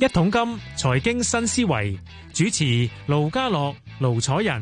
一桶金財經新思維，主持盧家樂、盧楚仁。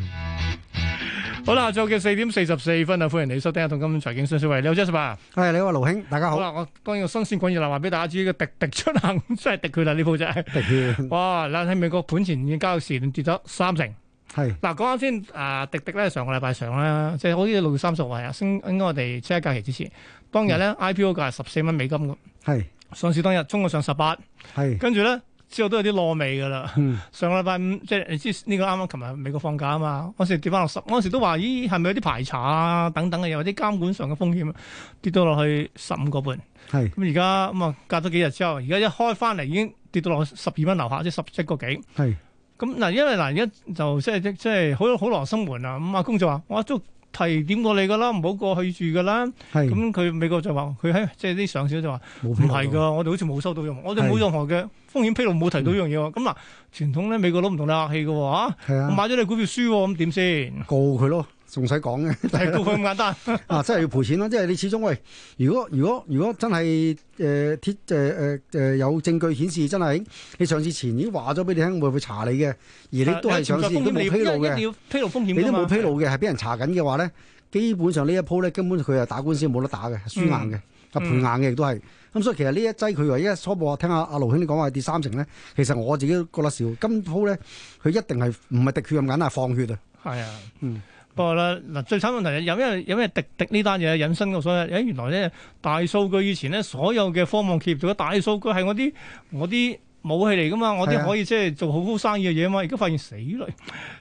好啦，早嘅四點四十四分啊，歡迎你收聽一桶金財經新思維。你好 Joseph 啊，係你好，盧兄，大家好啦。我當然新鮮滾熱辣，話俾大家知嘅滴滴出行真係跌佢啦，呢鋪真係，跌佢。迪迪哇，嗱喺美國盤前已交易時段跌咗三成，係嗱講啱先啊，滴滴咧上個禮拜上咧，即係好似六月三十號啊，應應該我哋即係假期之前當日咧 IPO 價係十四蚊美金嘅，係。上市當日衝咗上十八是，係跟住咧之後都有啲攞味㗎啦。嗯、上個禮拜五即係你知呢個啱啱琴日美國放假啊嘛，嗰時跌翻落十，嗰時都話咦係咪有啲排查啊等等嘅，有啲監管上嘅風險，跌到落去十五個半。係咁而家咁啊隔咗幾日之後，而家一開翻嚟已經跌到落十二蚊樓下，即十七個幾。係咁嗱，因為嗱而家就即係即係好好羅生門啊。咁阿公就話我都。提點過你噶啦，唔好過去住噶啦。咁佢是美國就話佢喺即係啲上司就話唔係噶，我哋好似冇收到是任何，我哋冇任何嘅風險披露冇提到呢、嗯、樣嘢。咁嗱，傳統咧美國佬唔同你客氣噶，嚇、啊、我買咗你股票輸，咁點先告佢咯？仲使講嘅，係高翻咁簡單 啊！真係要賠錢咯，即係你始終喂，如果如果如果真係誒鐵誒誒誒有證據顯示真係你上市前已經話咗俾你聽，會唔會查你嘅？而你都係上市已經冇披露嘅，你都冇披露嘅，係俾人查緊嘅話咧，基本上一呢一鋪咧，根本佢係打官司冇得打嘅，輸硬嘅，啊、嗯、賠硬嘅亦都係。咁所以其實呢一劑佢話一初步聽阿阿盧兄你講話跌三成咧，其實我自己覺得少。今鋪咧佢一定係唔係滴血咁簡單，係放血啊！係啊的，嗯。不過啦，嗱最慘問題係有咩有咩滴滴呢單嘢引申我所以，誒原來咧大數據以前咧所有嘅科技企業做嘅大數據係我啲我啲武器嚟噶嘛，啊、我啲可以即係做好好生意嘅嘢嘛，而家發現死啦，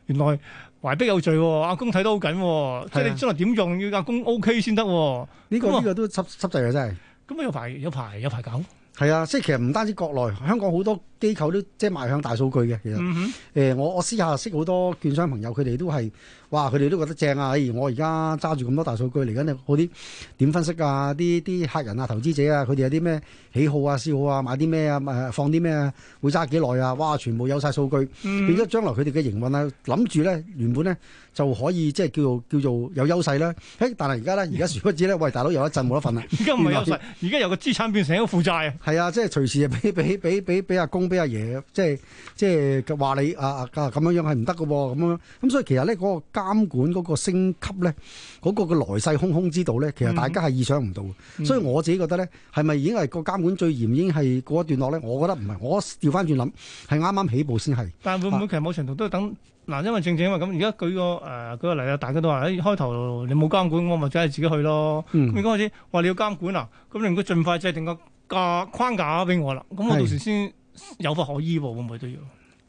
原來懷璧有罪、哦，阿公睇得好緊、哦，啊、即係你將來點用要阿公 O K 先得，呢、個呢個都濕濕滯嘅真係。咁啊有排有排有排搞。係啊，即係其實唔單止國內，香港好多。機構都即係邁向大數據嘅，其實誒、嗯哼欸，我我私下識好多券商朋友，佢哋都係哇，佢哋都覺得正啊！譬、欸、我而家揸住咁多大數據嚟緊，嗰啲點分析啊？啲啲客人啊、投資者啊，佢哋有啲咩喜好啊、嗜好啊，買啲咩啊，放啲咩、啊，會揸幾耐啊？哇！全部有曬數據，變咗、嗯、將來佢哋嘅營運啊，諗住咧原本咧就可以即係叫做叫做有優勢啦。但係而家咧，而家殊不知咧，喂，大佬有一陣冇得瞓啦！而家唔係優勢，而家 由個資產變成一個負債啊！係啊，即係隨時啊，俾俾俾俾俾阿公。俾阿爺，爺，即係即係話你啊啊咁樣樣係唔得嘅喎，咁樣咁，所以其實咧嗰個監管嗰個升級咧，嗰、那個嘅來勢洶洶之道咧，其實大家係意想唔到嘅。嗯、所以我自己覺得咧，係咪已經係個監管最嚴，已經係過一段落咧？我覺得唔係，我調翻轉諗係啱啱起步先係。但會唔會其實冇程度都要等嗱？啊、因為正正因為咁，而家舉個誒、呃、舉個例啊，大家都話誒、欸、開頭你冇監管，我咪真係自己去咯。咁你嗰陣時話你要監管啊，咁你唔該盡快制定個架框架俾我啦。咁我，我，我到時先是的 是。有法可依喎，會唔會都要？誒、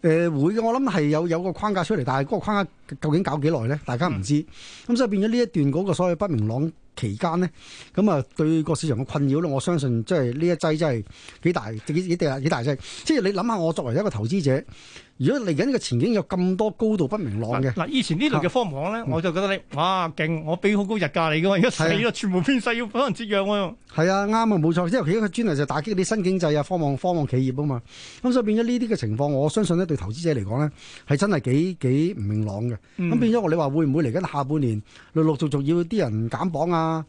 呃，會嘅，我諗係有有個框架出嚟，但係嗰個框架究竟搞幾耐咧？大家唔知，咁、嗯、所以變咗呢一段嗰個所謂不明朗期間咧，咁啊對個市場嘅困擾咧，我相信即係呢一劑真係幾大，幾幾幾幾大劑。即係你諗下，我作為一個投資者。如果嚟緊呢個前景有咁多高度不明朗嘅，嗱、啊、以前類科網呢類嘅科網咧，啊、我就覺得你哇勁，我俾好高日價你噶嘛，而家死咯，全部偏細要可能折讓喎。係啊，啱啊，冇錯，即係其實佢個專例就打擊啲新經濟啊，科網科網企業啊嘛。咁所以變咗呢啲嘅情況，我相信呢對投資者嚟講呢，係真係幾幾唔明朗嘅。咁、嗯、變咗我你話會唔會嚟緊下，下半年陸陸續續要啲人減磅啊？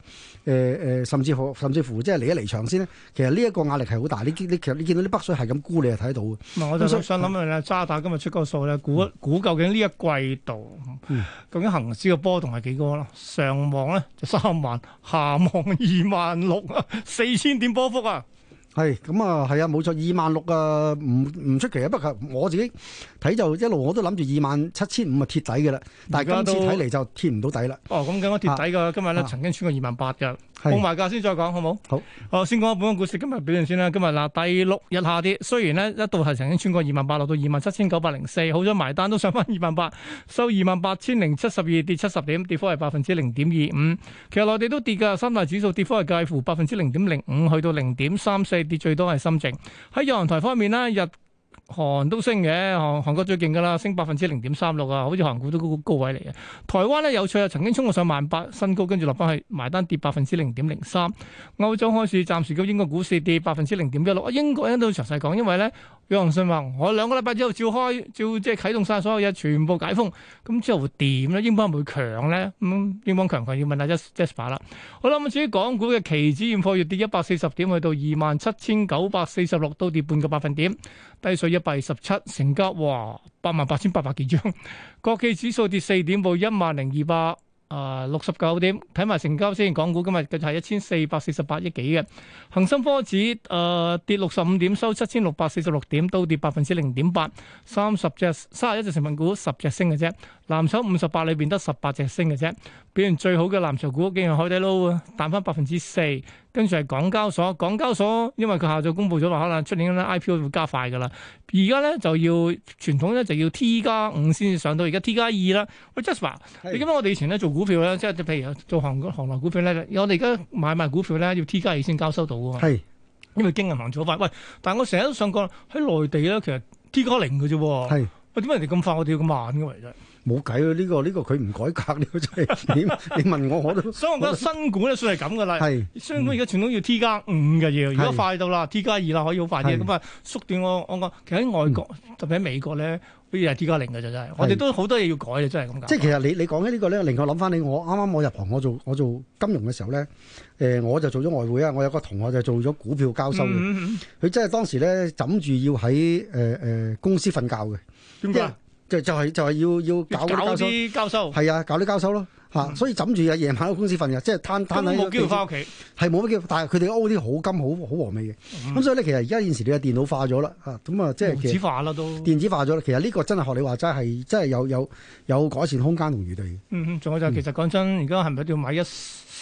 誒、呃、誒，甚至乎甚至乎即係嚟一離場先呢？其實呢一個壓力係好大。你你其實你見到啲北水係咁沽，你又睇到嘅。我想諗揸啊！今日出個數咧，估估究竟呢一季度、嗯、究竟恒指嘅波動係幾高咯？上望咧就三萬，下望二萬六啊，四千點波幅啊！係咁啊，係啊，冇錯，二萬六啊，唔唔出奇啊！不過我自己睇就一路我都諗住二萬七千五啊，貼底嘅啦。但係今次睇嚟，就貼唔到底啦。哦，咁咁都貼底噶。啊、今日咧曾經穿過二萬八嘅，報埋價先再講好冇？好，好。我好先講下本港股市。今日表現先啦。今日嗱，第六日下跌，雖然咧一度係曾經穿過二萬八，落到二萬七千九百零四，好咗埋單都上翻二萬八，收二萬八千零七十二，跌七十點，跌幅係百分之零點二五。其實內地都跌嘅，三大指數跌幅係介乎百分之零點零五去到零點三四，跌最多係深證。喺銀行台方面呢。日韓都升嘅，韓韓國最勁噶啦，升百分之零點三六啊，好似韓股都高高，高位嚟嘅。台灣咧有趣啊，曾經衝過上萬八新高，跟住落翻去埋單跌百分之零點零三。歐洲開始暫時叫英國股市跌百分之零點一六。英國咧都詳細講，因為咧。有人信話我兩個禮拜之後照開，照即係啟動晒所有嘢，全部解封，咁之後會點咧？英鎊會唔會強咧？咁、嗯、英鎊強強要問下 Jasper 啦。好啦，咁至於港股嘅期指現貨，月跌一百四十點，去到二萬七千九百四十六，都跌半個百分點，低水一百二十七，成交哇八萬八千八百幾張，國企指數跌四點，報一萬零二百。啊，六十九點，睇埋成交先。港股今日嘅就係一千四百四十八億幾嘅。恒生科指誒跌六十五點，收七千六百四十六點，都跌百分之零點八。三十隻，三十一隻成分股，十隻升嘅啫。藍籌五十八裏邊得十八隻升嘅啫，表現最好嘅藍籌股竟然海底撈啊，彈翻百分之四，跟住係港交所。港交所因為佢下晝公布咗話，可能出年咧 IPO 會加快嘅啦。而家咧就要傳統咧就要 T 加五先至上到，而家 T 加二啦。喂 j a s 是 s i c 你記得我哋以前咧做股票咧，即係譬如做行股、行內股票咧，我哋而家買賣股票咧要 T 加二先交收到嘅喎。係是，因為經銀行做法。喂，但係我成日都想講喺內地咧，其實 T 加零嘅啫。係。喂是，點解人哋咁快，我哋要咁慢嘅？其實？冇計咯，呢、呢個呢、呢個佢唔改革，呢個真係你你問我我都。所以我覺得新股咧算係咁噶啦。係是，新股而家傳統要 T 加五嘅嘢，而家是快到啦，T 加二啦可以好快啲。咁啊是縮短我我我講，其實喺外國、嗯、特別喺美國咧，好似係 T 加零嘅就真係。是我哋都好多嘢要改嘅，真係咁即係其實你你講起呢個咧，令我諗翻你，我啱啱我入行我做我做金融嘅時候咧，誒、呃、我就做咗外匯啊，我有個同學就做咗股票交收嘅，佢、嗯、真係當時咧枕住要喺誒誒公司瞓覺嘅。點解？就是、就係就係要要搞啲交收，係啊，搞啲交收咯嚇，嗯、所以枕住日夜晚喺公司瞓嘅，即係攤攤喺。都冇機會返屋企，係冇乜機會，但係佢哋 OT 啲好金好好和味嘅。咁所以咧，其實而家現時你嘅電腦化咗啦嚇，咁啊即係電子化啦都。電子化咗啦，其實呢個真係學你話齋係真係有有有改善空間同餘地。嗯嗯，仲有就是、其實講真，而家係咪要買一？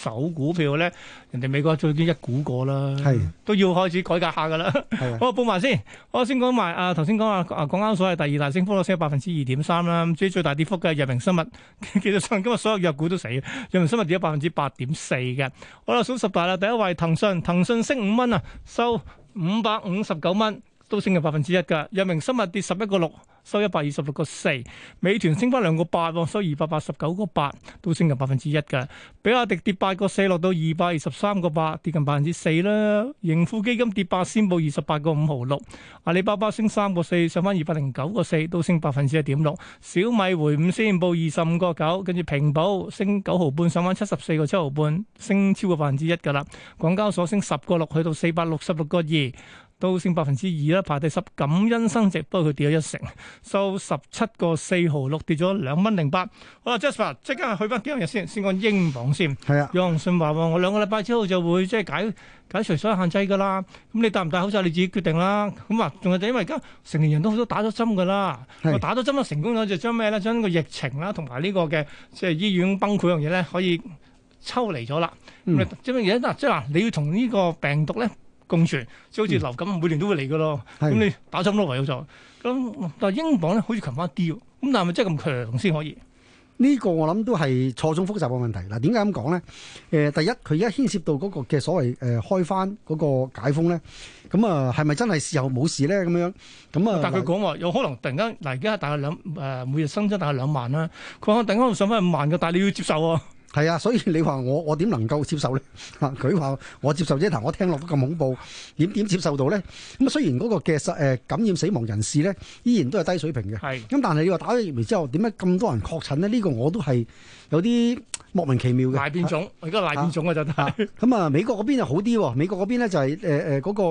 手股票咧，人哋美國最近一股過啦，的都要開始改革下噶啦。好，報埋先，我先講埋啊，頭先講啊，港交所係第二大升幅，升咗百分之二點三啦。至於最大跌幅嘅，藥明生物其實 今日所有藥股都死，藥明生物跌咗百分之八點四嘅。好啦，數十八啦，第一位騰訊，騰訊升五蚊啊，收五百五十九蚊。都升近百分之一噶，藥明生物跌十一個六，收一百二十六個四；美團升翻兩個八，收二百八十九個八，都升近百分之一噶。比亞迪跌八個四，落到二百二十三個八，跌近百分之四啦。盈富基金跌八，先報二十八個五毫六。阿里巴巴升三個四，上翻二百零九個四，都升百分之一點六。小米回五先報二十五個九，跟住平保，升九毫半，上翻七十四個七毫半，升超過百分之一噶啦。港交所升十個六，去到四百六十六個二。都升百分之二啦，排第十。感恩生值，不過佢跌咗一成，收十七個四毫六，跌咗兩蚊零八。好啦，Jasper，即刻去翻幾樣嘢先先講英鎊先。係啊，楊信話我兩個禮拜之後就會即係解解除所有限制噶啦。咁你戴唔戴口罩你自己決定啦。咁啊，仲係就因為而家成年人都好多打咗針噶啦，是我打咗針都成功咗，功就將咩咧將個疫情啦同埋呢個嘅即係醫院崩潰樣嘢咧，可以抽離咗啦。咁啊、嗯，即係而家即係嗱，你要同呢個病毒咧。共存，即好似流感，每年都會嚟嘅咯。咁、嗯嗯、你打針都為咗做。咁 但係英鎊咧，好似強翻啲。咁但係咪真係咁強先可以？呢個我諗都係錯綜複雜嘅問題。嗱，點解咁講咧？誒，第一佢而家牽涉到嗰個嘅所謂誒開翻嗰個解封咧。咁、嗯、啊，係咪真係事後冇事咧？咁樣咁啊？嗯、但係佢講話有可能突然間嗱，而家大概兩誒每日新增大概兩萬啦。佢話突然間上翻五萬嘅，但係你要接受啊。係啊，所以你話我我點能夠接受咧？佢 話我接受啫，但係我聽落都咁恐怖，點點接受到咧？咁啊，雖然嗰個嘅死誒感染死亡人士咧，依然都係低水平嘅。係的，咁但係你話打咗疫苗之後，點解咁多人確診咧？呢、呢個我都係有啲。莫名其妙嘅大變種，而家大變種啊真係。咁啊，美國嗰邊就好啲，美國嗰邊咧就係誒誒嗰個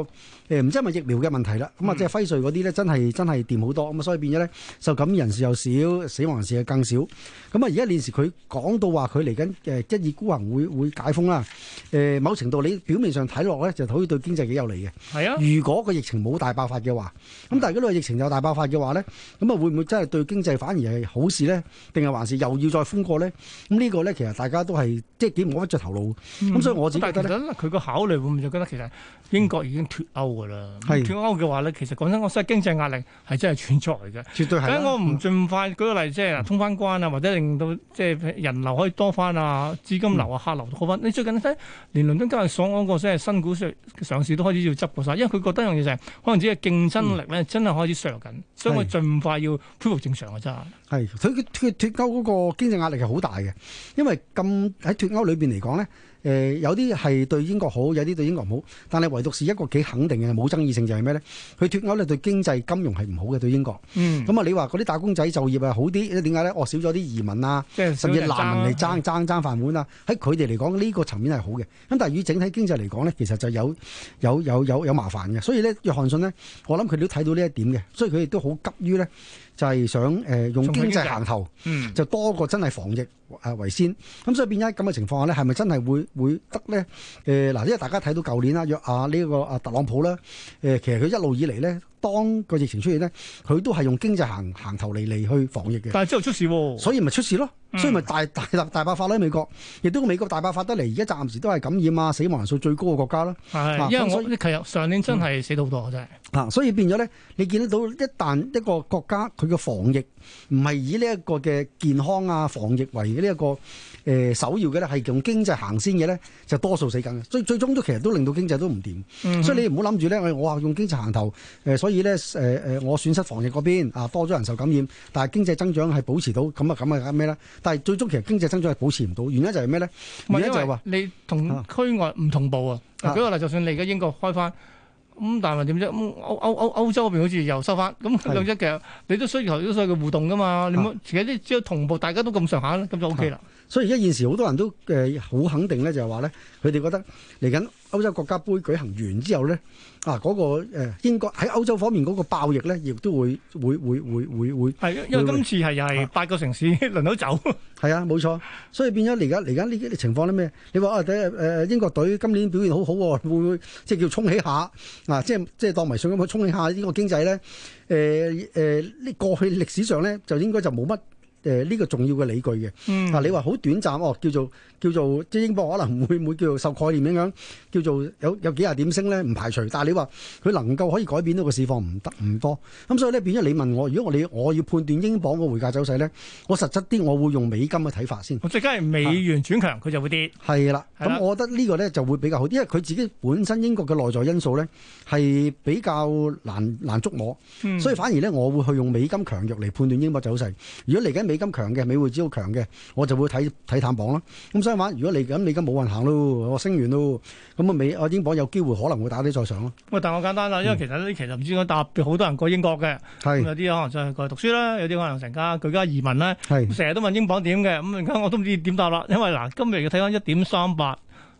唔知係咪疫苗嘅問題啦。咁啊，即係輝瑞嗰啲咧真係真係掂好多。咁啊，所以變咗咧受感染人士又少，死亡人士又更少。咁啊，而家連時佢講到話佢嚟緊誒一意孤行會會解封啦。誒，某程度你表面上睇落咧就好似對經濟幾有利嘅。係啊。如果個疫情冇大爆發嘅話，咁但係如果個疫情有大爆發嘅話咧，咁啊會唔會真係對經濟反而係好事咧？定係還是又要再封過咧？咁呢個咧其實～大家都係即係幾冇乜著頭腦，咁所以我覺得佢個考慮會唔會覺得其實英國已經脱歐㗎啦？脱歐嘅話呢，其實講真，我覺得經濟壓力係真係存在嘅。絕對係。誒，我唔盡快舉個例，即係通翻關啊，或者令到即係人流可以多翻啊，資金流啊、客流都好翻。你最近睇，連倫敦交易所嗰個即係新股上市都開始要執過晒，因為佢覺得樣嘢就係可能自己嘅競爭力呢真係開始削弱緊，所以佢盡快要恢復正常啊！真係。係，佢脱脱歐嗰個經濟壓力係好大嘅，因為。咁喺脱歐裏邊嚟講咧。誒、呃、有啲係對英國好，有啲對英國唔好，但係唯獨是一個幾肯定嘅冇爭議性就係咩咧？佢脱歐咧對經濟金融係唔好嘅對英國。嗯。咁啊、嗯，你話嗰啲打工仔就業啊好啲，點解咧？哦，少咗啲移民啊，即啊甚至難民嚟爭的爭，爭爭飯碗啊！喺佢哋嚟講呢個層面係好嘅。咁但係與整體經濟嚟講咧，其實就有有有有有，有麻煩嘅。所以咧，約翰遜咧，我諗佢都睇到呢一點嘅，所以佢亦都好急於咧，就係、是、想誒、呃、用經濟行頭，嗯，就多過真係防疫誒為先。咁、呃呃呃、所以變咗咁嘅情況下咧，係咪真係會？會得咧？誒、呃、嗱，因為大家睇到舊年啦，約阿、啊、呢、這個阿、啊、特朗普咧，誒、呃、其實佢一路以嚟咧，當個疫情出現咧，佢都係用經濟行行頭嚟嚟去防疫嘅。但係之後出事喎、啊，所以咪出事咯。所以咪大大大大爆發啦！美國亦都美國大爆發得嚟，而家暫時都係感染啊，死亡人數最高嘅國家啦。係的，啊、因為我以其實上年真係死到好多、嗯、真係的啊，所以變咗咧，你見得到一旦一個國家佢嘅防疫唔係以呢一個嘅健康啊防疫為呢、這、一個誒、呃、首要嘅咧，係用經濟行先嘅咧，就多數死緊嘅，所以最終都其實都令到經濟都唔掂。嗯、哼所以你唔好諗住咧，我我話用經濟行頭誒、呃，所以咧誒誒，我損失防疫嗰邊啊，多咗人受感染，但係經濟增長係保持到咁啊，咁啊，咩咧？但係最終其實經濟增長係保持唔到，原因就係咩咧？是原因就係、是、話你同區外唔同步啊！舉個例，就算你而家英國開翻咁，啊、但係點啫？歐歐歐歐洲嗰邊好似又收翻，咁兩一腳你都需要頭都需要互動噶嘛？啊、你冇自己啲只要、啊、同步，大家都咁上下咧，咁就 O K 啦。啊啊所以而家現時好多人都誒好肯定咧，就係話咧，佢哋覺得嚟緊歐洲國家杯舉行完之後咧，啊嗰、嗰個英國喺歐洲方面嗰個爆熱咧，亦都會會會會會會係因為今次係又係八個城市輪到走、啊，係 啊冇錯，所以變咗嚟緊嚟緊呢啲情況咧咩？你話啊誒英國隊今年表現好好、啊、喎，會唔會即係叫沖起下嗱？即係、啊、即係當迷信咁去沖起下呢個經濟咧？誒誒呢過去歷史上咧就應該就冇乜。誒呢個重要嘅理據嘅，嗱、嗯啊、你話好短暫哦，叫做叫做即係英鎊可能唔會，會叫做受概念影響，叫做有有幾廿點升咧，唔排除。但係你話佢能夠可以改變到個市況唔得唔多，咁、啊、所以咧變咗你問我，如果我你我要判斷英鎊嘅匯價走勢咧，我實質啲我會用美金嘅睇法先。最緊係美元轉強，佢、啊、就會跌。係啦，咁我覺得呢個咧就會比較好，啲，因為佢自己本身英國嘅內在因素咧係比較難難捉摸，嗯、所以反而咧我會去用美金強弱嚟判斷英鎊走勢。如果嚟緊。美金強嘅，美匯指好強嘅，我就會睇睇探榜啦。咁所以話，如果你嚟你而家冇運行咯，我升完咯，咁啊美啊英鎊有機會可能會打啲再上咯。喂，但我簡單啦，因為其實呢、嗯，其實唔知點答，好多人過英國嘅，咁是、嗯、有啲可能就再過嚟讀書啦，有啲可能成家，佢家移民啦，成日是都問英鎊點嘅？咁而家我都唔知點答啦。因為嗱，今日要睇翻一點三八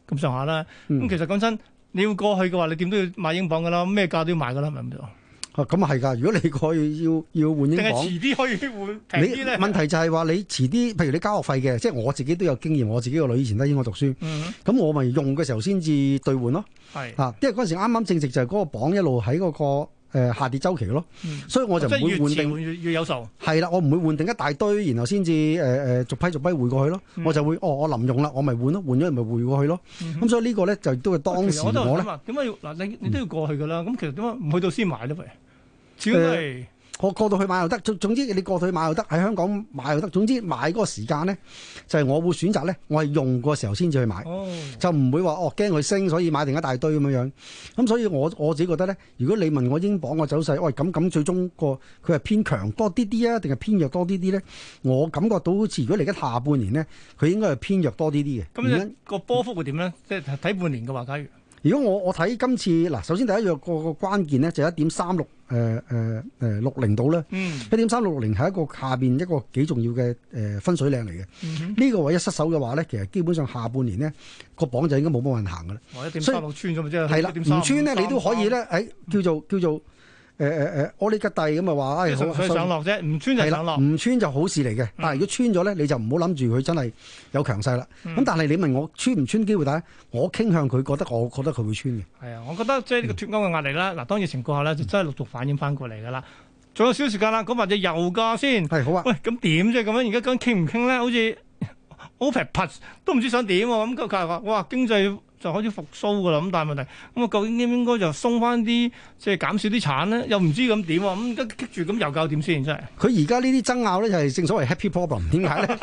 咁上下啦。咁、嗯、其實講真，你要過去嘅話，你點都要買英鎊㗎啦，咩價都要買㗎啦，咪咁就。啊，咁啊係噶！如果你過去要要換英鎊，定係遲啲可以換？你問題就係話你遲啲，譬如你交學費嘅，即係我自己都有經驗，我自己個女以前都喺英國讀書，咁、嗯、哼我咪用嘅時候先至兌換咯。係啊，因為嗰陣時啱啱正值就係嗰個磅一路喺嗰個。誒、呃、下跌周期咯，嗯、所以我就唔會換定，要有售係啦，我唔會換定一大堆，然後先至誒誒逐批逐批回過去咯。嗯、我就會哦，我臨用啦，我咪換咯，換咗咪回過去咯。咁、嗯哼嗯、所以個呢個咧就都係當時我咧點解，嗱你你都要過去噶啦？咁其實點解唔去到先買，喂，主要係。我過到去買又得，總總之你過到去買又得，喺香港買又得，總之買嗰個時間咧，就係、是、我會選擇咧，我係用嘅時候先至去買，哦、就唔會話哦驚佢升，所以買定一大堆咁樣樣。咁、嗯、所以我我自己覺得咧，如果你問我英鎊嘅走勢，喂咁咁最終個佢係偏強多啲啲啊，定係偏弱多啲啲咧？我感覺到好似如果嚟緊下半年咧，佢應該係偏弱多啲啲嘅。咁樣個波幅會點咧？即係睇半年嘅話如果我我睇今次嗱，首先第一樣個個，個個關鍵咧，就一點三六誒誒誒六零度咧，一點三六零係一個下邊一個幾重要嘅誒分水嶺嚟嘅。呢、嗯、哼個位一失手嘅話咧，其實基本上下半年呢個榜就應該冇乜人行嘅啦。哦、所以六穿咁咪啫？係啦的，唔 1. 36, 穿呢 36, 你都可以咧，誒叫做叫做。叫做誒誒誒，我哋個弟咁咪話，誒、哎、好想上落啫，唔穿就上落，唔穿就好事嚟嘅。但係如果穿咗咧，你就唔好諗住佢真係有強勢啦。咁、嗯、但係你問我穿唔穿機會大，我傾向佢覺得，我覺得佢會穿嘅。係啊，我覺得即係呢個脫歐嘅壓力啦。嗱、嗯，當然情況下咧，就真係陸續反映翻過嚟㗎啦。仲、嗯、有少時間啦，咁或者油價先。係好啊。喂，咁點啫？咁樣而家講傾唔傾咧？好似 o p e 都唔知想點喎。咁隔日話，哇，哇經濟。就開始復甦噶啦，咁但係問題，咁、嗯、啊究竟應唔應該就鬆返啲，即係減少啲產咧？又唔知咁點喎，咁一棘住咁又教點先？真係佢而家呢啲爭拗咧，就係、是、正所謂 happy problem，點解咧？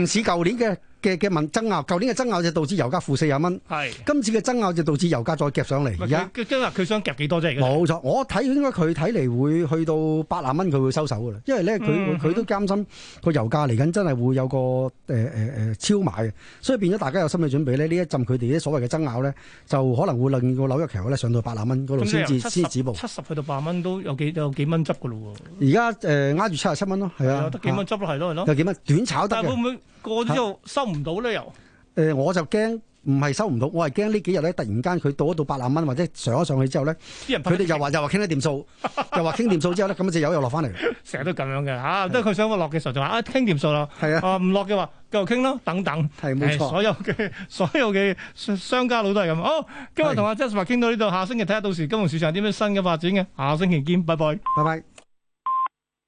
唔似舊年嘅。嘅嘅問爭拗，舊年嘅爭拗就導致油價負四十蚊。係今次嘅爭拗就導致油價再夾上嚟。而家今日佢想夾幾多啫？冇錯，我睇應該佢睇嚟會去到八十蚊，佢會收手噶啦。因為咧，佢佢都擔心個油價嚟緊真係會有個誒誒誒超買嘅，所以變咗大家有心理準備咧。呢一陣佢哋啲所謂嘅爭拗咧，就可能會令個紐約期上到八十蚊嗰度先至先止步。七十去到八十蚊都有幾有幾蚊執噶咯喎。而家誒壓住七十七蚊咯，係啊，得幾蚊執咯，係咯，係咯。有幾蚊短炒得嘅？會唔會過咗之後收？唔到咧又，誒、呃、我就驚唔係收唔到，我係驚呢幾日咧突然間佢到一到百萬蚊或者上咗上去之後咧，啲人佢哋又話到又話傾得掂數， 又話傾掂數之後咧，咁隻友又落翻嚟，成日都咁樣嘅嚇，都係佢想我落嘅時候就話啊傾掂數咯，係啊，唔落嘅話繼續傾咯，等等，係冇錯、欸，所有嘅所有嘅商家佬都係咁。好、哦，今日同阿 Justin 傾到呢度，下星期睇下到時金融市場有啲咩新嘅發展嘅，下星期見，拜拜，拜拜。